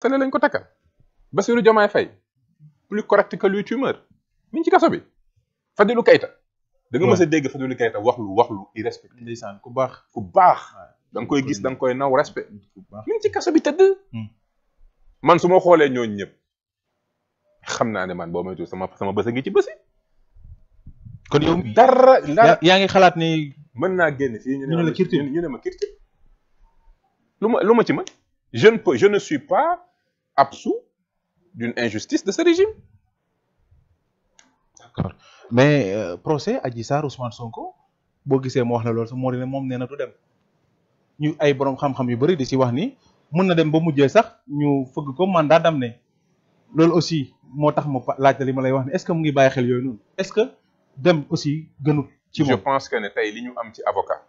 tele lañ ko takkal Bassirou Diomaye Faye plus correct que lui tumeur mi ngi ci kaso bi Fadilou kayta da nga mës a dégg Fadilou Keita wax lu wax lu irrespect ndeysaan ku baax ku baax da koy gis danga koy naw respect mi ngi ci kaso bi tëdd hmm. man su ma xoolee ñooñu ñëpp xam naa ne man boo mooy sama sama bës a ngi ci bësi kon yow dara dara yaa ngi xalaat ni mën naa génn fii ñu ne ma kirti ma kirti lu ma lu ma ci mën je ne peux je ne suis pas absous d'une injustice de ce régime. d'accord mais euh, procès Adji Sarr Ousmane Sonko boo gisee mu wax la loolu sax moo di ne moom nee na du dem ñu ay boroom xam-xam yu bëri di ci wax ni mën na dem ba mujjee sax ñu fëgg ko mandat ne loolu aussi moo tax ma laaj la li ma lay wax ne est-ce que mu ngi bàyyi xel yooyu noonu est-ce que dem aussi gënut ci moom je pense que ne tey li ñu am ci avocat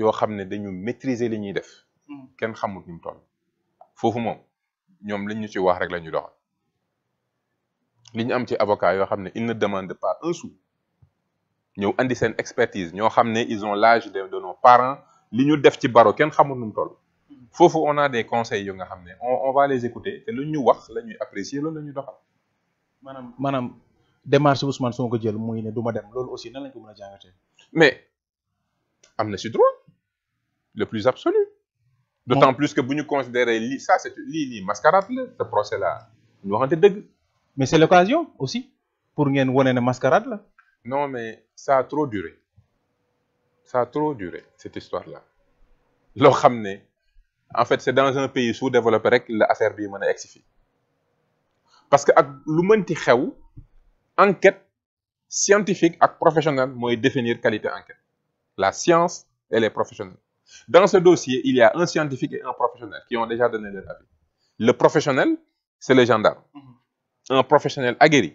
yoo xam ne dañu maîtriser li ñuy def hmm. kenn xamut ni mu toll foofu moom ñoom liñ ñu ci wax rek la ñu doxal ñu am ci avocat yoo xam ne ils ne demandent pas un sou ñëw andi seen expertise ñoo xam ne ils ont l'âge de de nos parents li ñu def ci baro kenn xamul nu mu foofu on a des conseils yu nga xam ne on on va les écouter te lu ñu wax la ñuy apprécier loolu la ñuy doxal. maanaam maanaam démarche Ousmane Sonko jël muy ne du ma dem loolu aussi na lañ ko mën a jàngatee. mais am na si droit le plus absolu. d'autant plus que bu ñu considérer lii ça c'est lii lii mascarade la ce procès là ñu waxante dëgg mais c'est l'occasion aussi pour ngeen wane ne mascarade la non mais ça a trop duré ça a trop duré cette histoire là loo xam ne en fait c'est dans un pays sous-développé rek la affaire bii mën a egsi fii parce que ak lu mënti xew enquête scientifique ak professionnelle mooy définir qualité enquête la science et les professionnelle Dans ce dossier, il y un scientifique et un professionnel qui ont déjà donné leur avis. Le professionnel, c'est le gendarme. Mhm. Un professionnel aguerri.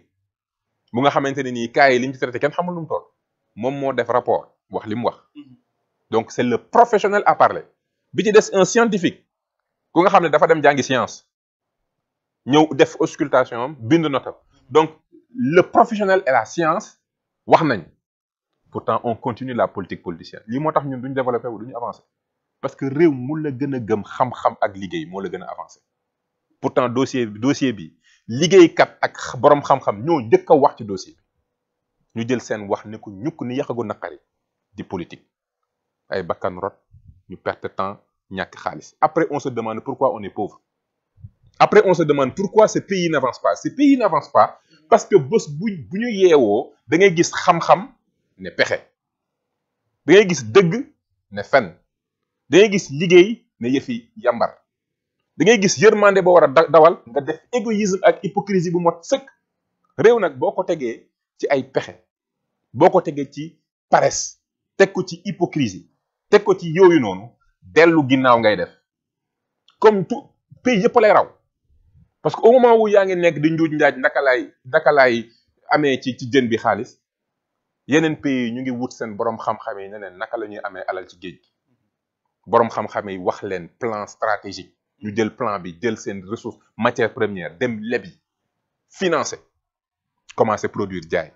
mu nga xamante ne nii cas yi li traité kenn xamul nu mu moom moo def rapport wax li mu wax mhm. donc c' est le professionnel à parler bi ci des un scientifique ku nga xam ne dafa dem jàngi science ñëw def auscultation am bind notam mhm. donc le professionnel et la science wax nañ pourtant on continue la politique politicienne lii moo tax ñun duñu développé wu duñu avancé parce que réew mu la gën a gëm xam-xam ak liggéey moo la gën a avancé pourtant dossier dossier bi kat ak borom xam-xam ñoo njëkk wax ci dossier bi ñu jël seen wax ne ko ñukk ni yàqagu naqari di politique ay bakkan rot ñu perte temps ñàkk xaalis après on se demande pourquoi on est pauvre après on se demande pourquoi ce pays n'avance pas ce pays pas parce que bés bu bu ñu yeewoo da ngay gis xam ne pexe da gis dëgg ne fen da gis liggéey ne yëfi yàmbar da ngay gis yërmande boo war a dawal nga def égoïsme ak hypocrisie bu mot sëkk réew nag boo ko tegee ci ay pexe boo ko tegee ci pares teg ko ci hypocrisie teg ko ci yooyu noonu dellu ginnaaw ngay def comme tout pays yëpp lay raw parce que au moment wu yaa ngi nekk di njuuj njaaj naka laay naka laay amee ci ci jën bi xaalis yeneen pays ñu ngi wut seen borom xam-xam yi neneen naka la ñuy amee alal ci géej gi borom xam-xam yi wax leen plan stratégique ñu jël plan bi jël seen ressource matière première dem lebi financer commencer produire jaay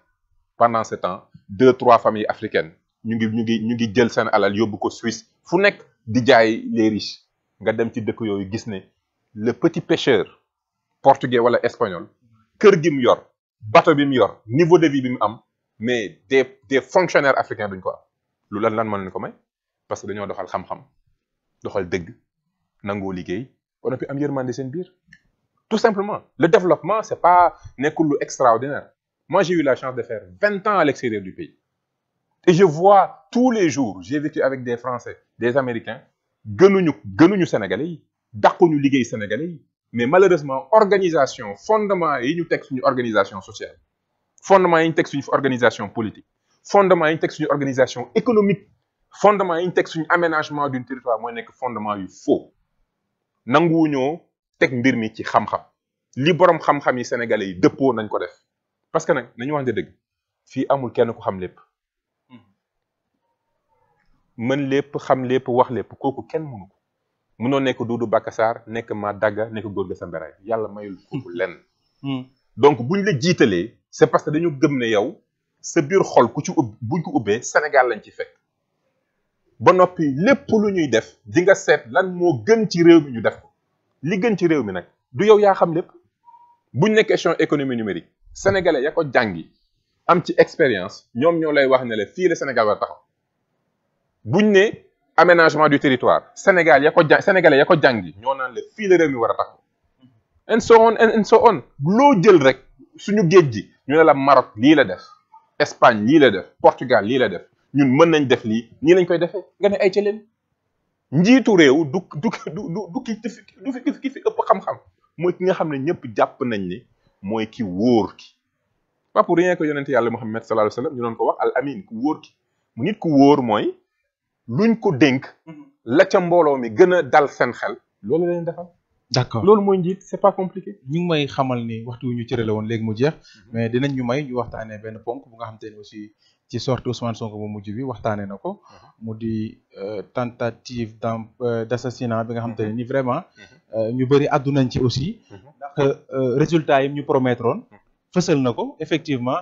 pendant ce temps deux trois familles africaines ñu ngi ñu ngi ñu ngi jël seen alal yóbbu ko Suisse fu nekk di jaay les riches nga dem ci dëkk yooyu gis ne le petit pêcheur portugais wala espagnol kër gi mu yor bateau bi mu yor niveau de vie mu am. mais des des fonctionnaires africains duñ ko am lu lan lan moo leen ko may parce que dañoo doxal xam-xam doxal dégg nangoo liggéey kon fi am yërmande seen biir tout simplement le développement c'est pas nekkul lu extraordinaire moi j'ai eu la chance de faire vingt ans à l'extérieur du pays et je vois tous les jours j'ai vécu avec des français des américains gënuñu gënuñu sénégalais yi dàquñu liggéey sénégalais mais malheureusement organisation fondement yi ñu teg suñu organisation sociale fondement yi ñu teg suñu organisation politique fondement yi ñu teg suñu organisation économique fondement yi ñu teg suñu aménagement d'un territoire mooy nekk fondement yu faux nanguwuñoo teg mbir mi ci xam-xam li borom xam-xam yi sénégalais yi dëppoo nañ ko def parce que nag nañu wax dëgg fii amul kenn ku xam lépp mën lépp xam lépp wax lépp kooku kenn mënu ko mënoo nekk Doudou Bakassar nekk Madaga nekk Gorgui Sambéraye yàlla mayul kooku lenn hmm. donc buñ ñu la jiitalee c'est parce que dañu gëm ne yow sa biir xol ku ci ub buñ ko ubbee Sénégal lañ ci fekk ba noppi lépp lu ñuy def dinga seet lan moo gën ci réew mi ñu def ko li gën ci réew mi nag du yow yaa xam lépp buñ ne question économie numérique sénégalais ya ko jàngi am ci expérience ñoom ñoo lay wax ne la fii la Sénégal war taxaw buñ ne du territoire Sénégal ya ko jàng sénégalais ya ko jàngi ñoo naan la fii la réew mi war a taxaw and so on and so on loo jël rek suñu géej gi ñu ne la Maroc lii la def Espagne lii la def Portugal lii la def ñun mën nañ def lii nii lañ koy defee nga ne ay ca leen njiitu réew du du du du ki du fi ki fi ëpp xam-xam mooy ki nga xam ne ñëpp jàpp nañ ni mooy ki wóor ki pas pour rien que yonente yàlla Muhammad sallallahu alayhi wasallam ñu doon ko wax al amin ku wóor ki mu nit ku wóor mooy luñ ko dénk la ca mbooloo mi gën a dal seen xel loolu leen defal d'accord loolu mooy njiit c'est pas compliqué ñu may xamal ni waxtu wu ñu cërale woon léegi mu jeex mais dinañ ñu may ñu waxtaanee benn ponk bu nga xam ne aussi ci sortie Ousmane Sonko bu mujj bi waxtaanee na ko uh-huh. mu di euh, tentative euh, d'assassinat bi nga xam ne uh-huh. ni vraiment uh-huh. euh, ñu bëri àddunañ ci aussi ndax résultat yi ñu promettroon fësal na ko effectivement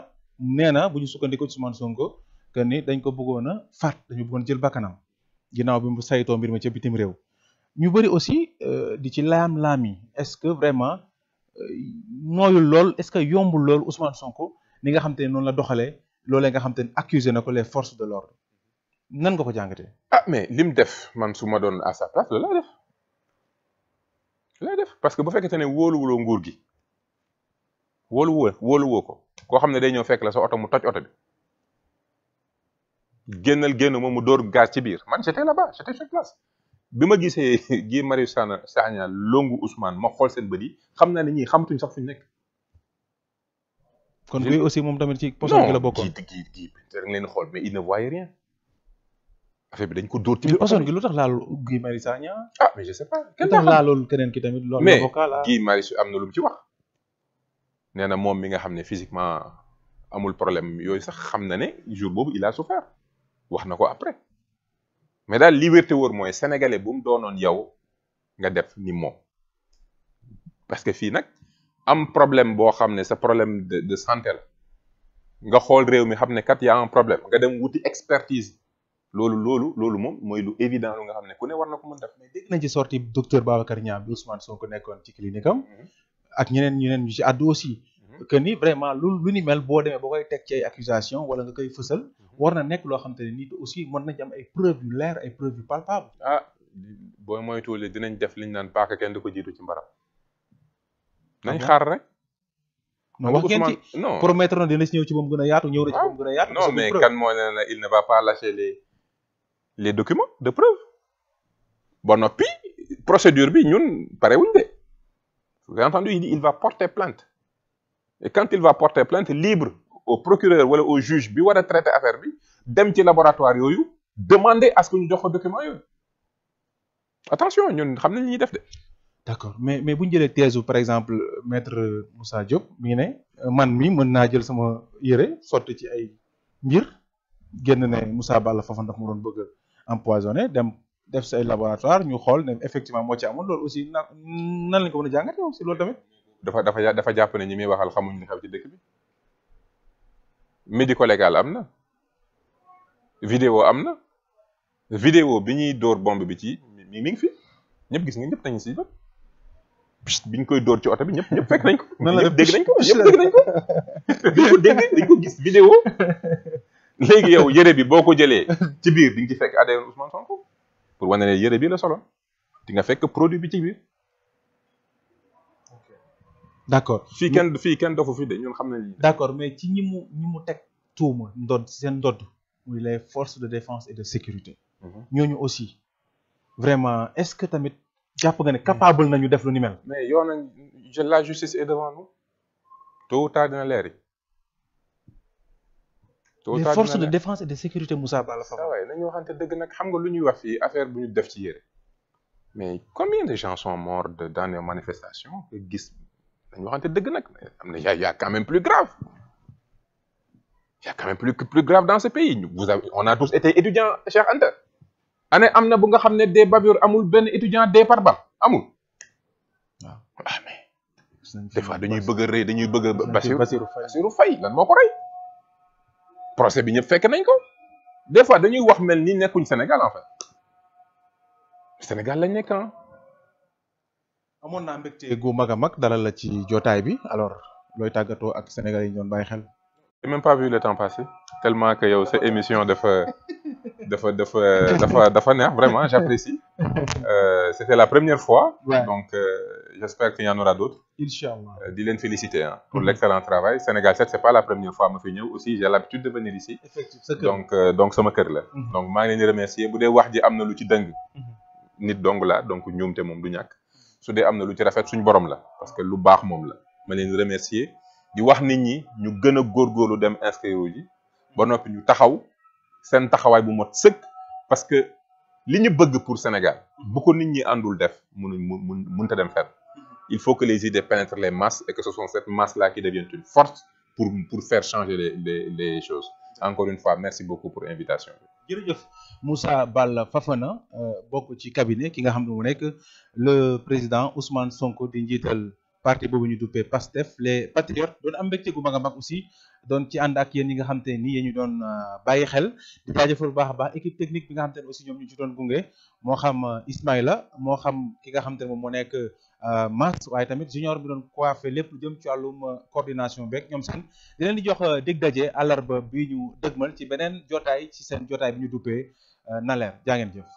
nee na bu ñu sukkandikoo ci Ousmane Sonko que ni dañ ko bëggoon a faat dañu bëggoon jël bakkanam ginnaaw bi mu saytoo mbir ma ca bitim réew ñu bëri aussi euh, di ci laam-laam yi est-ce que vraiment euh, nooyul lool est-ce que yombul lool Ousmane Sonko ni nga xam te ne noonu la doxalee loolee nga xam te ne accusé na ko les forces de l'ordre nan nga ko jàngatee. ah mais lim def man su ma doon à place la laa def parce que bu fekkente ne wóoluwuloo nguur gi wóoluwoo wóoluwoo ko koo xam ne day ñëw fekk la sa oto mu toj oto bi génnal génn moom mu dóor gaz ci biir man j'étais là-bas j'étais sur place. bi ma gisee Guy Marius Sagna longu Ousmane ma xool seen bët yi xam naa ne ñii xamatuñ sax fuñ nekk. kon kuy aussi moom tamit ci poson gi la bokkoon non kii kii da nga leen xool mais il ne voyait rien. dañ ko dóor ci biir poson gi lu tax laalul Guy Marius Sagna. ah mais je sais pas. kenn tax keneen ki tamit. loolu mais Guy Marius am na lu mu ci wax. nee na moom mi nga xam ne physiquement amul problème yooyu sax xam na ne jour boobu il a souffert wax na ko après. mais daal liberté wóor mooy sénégalais bu mu doonoon yow nga def ni moom parce que fii nag am problème boo xam ne sa problème de de santé la nga xool réew mi xam ne kat yaa am problème nga dem wuti expertise loolu loolu loolu moom mooy lu évident lu nga xam ne ku ne war na ko def. mais dégg nañ ci sorti docteur Babacar Niang bi Ousmane Sonko nekkoon ci clinique am. Mm-hmm. ak ñeneen ñeneen ñu ci àddu aussi. que ni vraiment lu lu ni boo demee ba koy teg ci ay accusation wala nga koy fësal mhm. war na nekk loo xam te ne nit aussi mën nañ am ay preuve yu leer ay preuve yu boo ah booy moytuwul dinañ def liñ naan paaka kenn du ko jiitu ci mbaram nañ ah xaar rek non wax ngeen ci promettre na ñëw ci moom gën yaatu ñëw na ci moom gën a yaatu ah, non mais kan moo ne na il ne va pas lâcher les les de preuve ba noppi procédure bi ñun pare wuñ de vous avez entendu il va porter plainte et quand il va porter plainte libre au procureur wala au juge bi wara a traiter affaire bi dem ci laboratoire yooyu demander à ce que ñu jox ko xam nañ ñuy def de. mais mais bu ñu jëlee thèse par exemple maître Moussa Diop mi ne man mi mën naa jël sama yére sotti ci ay mbir génn ne Moussa bala Fofana daf ma doon bëgg a empoisonné dem def sa ay laboratoire ñu xool ne effectivement moo ci amoon loolu aussi nan nan lañ ko mën a jàngatee aussi loolu tamit. dafa dafa dafa jàpp ne ñi muy waxal xamuñ li xew ci dëkk bi médico légal am na vidéo am na vidéo bi ñuy dóor bombe bi ci mi ngi fi ñëpp gis nga ñëpp nañu si biñ koy dóor ci oto bi ñëpp ñëpp fekk nañ ko ñëpp dégg nañ ko ñëpp ko gis vidéo léegi yow yëre bi boo ko jëlee ci biir di nga ci fekk ADN Ousmane Sonko pour wane ne yëre bi la solo di nga fekk produit bi ci biir d' accord fii kenn fii kenn dofu fi de ñun xam nañu. d' accord mais ci ñi mu ñi mu teg seen ndodd les forces de défense et de sécurité. Mhm. ñooñu aussi vraiment est ce que tamit jàpp nga ne capable nañu def lu ni mel. mais yoon nañ la justice est devant nous. tôt ou tard dina leeri. tôt ou tard les forces de défense et de sécurité Moussa Bala Fama. waaw waaye nañu waxante dëgg nag xam nga lu ñuy wax fii affaire bu ñu def ci yére. mais combien de gens sont morts dans manifestation manifestations gis. dañu waxante dëgg nag am na y' a quand même plus grave y' a quand même plus plus grave dans ce pays vous avez on a tous été étudiants Cheikh Anta année am na bu nga xam ne des bavures amul benn étudiant des par balle amul waaw ah mais des fois dañuy bëgg rëy dañuy bëgg a Bassirou Bassirou fay lan moo ko rey procès bi ñëp fekk nañ ko des fois dañuy wax mel ni nekkuñ Sénégal en fait Sénégal lañ nekk ah amoon naa mbégte gu mag mag dalal a ci jotaay bi alors looy tàggatoo ak Sénégal yi ñu doon bàyyi xel. j'ai même pas vu le temps passer tellement que yow sa émission dafa dafa dafa dafa dafa neex vraiment j'apprécie. Euh, c'était la première fois. Ouais. donc euh, j'espère qu'il y en aura d'autres. Euh, di leen féliciter ah. pour l'excellent travail Sénégal 7 c'est pas la première fois ma fi ñëw aussi j'ai l'habitude de venir ici. effectivement euh, donc sama kër la. Mhm. donc maa ngi leen remercier bu dee wax ji am na lu ci dëng. Mhm. nit dong la donc ñoom te moom du ñàkk. su dee am na lu ci rafet suñ borom la parce que lu baax moom la ma leen remercier di wax nit ñi ñu gën a góorgóorlu dem inscrire ji ba noppi ñu taxaw seen taxawaay bu mot sëkk parce que li ñu bëgg pour Sénégal bu ko nit ñi àndul def mënuñ mun mënta dem fenn il faut que les idées pénètrent les masses et que ce sont cette masse là qui devienne une force pour pour faire changer les choses encore une fois merci beaucoup pour invitation jërëjëf Moussa Balla Fafana euh, bokk ci cabinet ki nga xam ne mu nekk le président Ousmane Sonko di njiital parti boobu ñu duppee PASTEF les patriotes doon am mbégte gu mag a mag aussi don ci ànd ak yéen yi nga xam te nii yéen ñu doon euh, bàyyi xel di jaajëfal bu baax a baax équipe technique bi nga xam te ne aussi ñoom ñu ci doon gunge moo xam euh, Ismaïla moo xam ki nga xam te ne moo nekk Euh, Mass waaye tamit junior bi doon coiffé lépp jëm ci wàllum euh, coordination beek ñoom seen di leen di jox euh, dig daje àllarba bi ñu dëgmal ci beneen jotaay ci seen jotaay bi ñu duppee na leer jaa ngeen jëf.